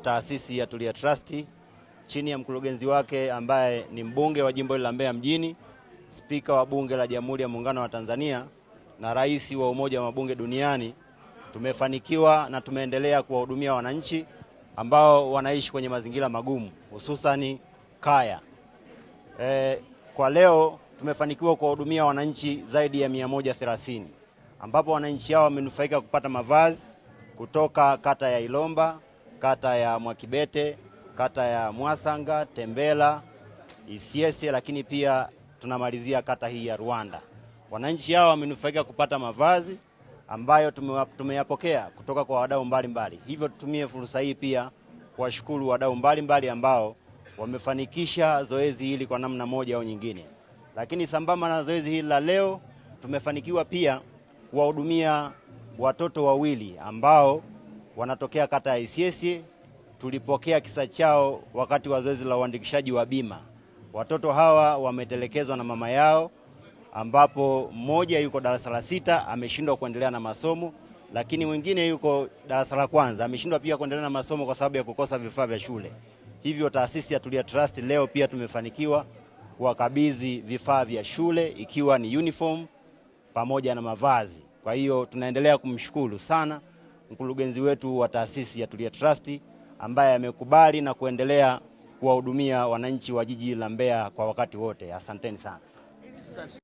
Taasisi ya Tulia Trust chini ya mkurugenzi wake ambaye ni mbunge wa jimbo la Mbeya mjini, spika wa bunge la Jamhuri ya Muungano wa Tanzania na rais wa Umoja wa Mabunge Duniani, tumefanikiwa na tumeendelea kuwahudumia wananchi ambao wanaishi kwenye mazingira magumu hususani kaya. E, kwa leo tumefanikiwa kuwahudumia wananchi zaidi ya 130 ambapo wananchi hao wamenufaika kupata mavazi kutoka kata ya Ilomba kata ya Mwakibete, kata ya Mwasanga, Tembela, Isiese, lakini pia tunamalizia kata hii ya rwanda Wananchi hao wamenufaika kupata mavazi ambayo tumeyapokea kutoka kwa wadau mbalimbali. Hivyo tutumie fursa hii pia kuwashukuru wadau mbalimbali ambao wamefanikisha zoezi hili kwa namna moja au nyingine. Lakini sambamba na zoezi hili la leo, tumefanikiwa pia kuwahudumia watoto wawili ambao wanatokea kata ya Isyesye. Tulipokea kisa chao wakati wa zoezi la uandikishaji wa bima. Watoto hawa wametelekezwa na mama yao, ambapo mmoja yuko darasa la sita ameshindwa kuendelea na masomo, lakini mwingine yuko darasa la kwanza ameshindwa pia kuendelea na masomo kwa sababu ya kukosa vifaa vya shule. Hivyo taasisi ya Tulia Trust leo pia tumefanikiwa kuwakabidhi vifaa vya shule ikiwa ni uniform pamoja na mavazi. Kwa hiyo tunaendelea kumshukuru sana mkurugenzi wetu wa taasisi ya Tulia Trust ambaye amekubali na kuendelea kuwahudumia wananchi wa jiji la Mbeya kwa wakati wote. Asanteni sana.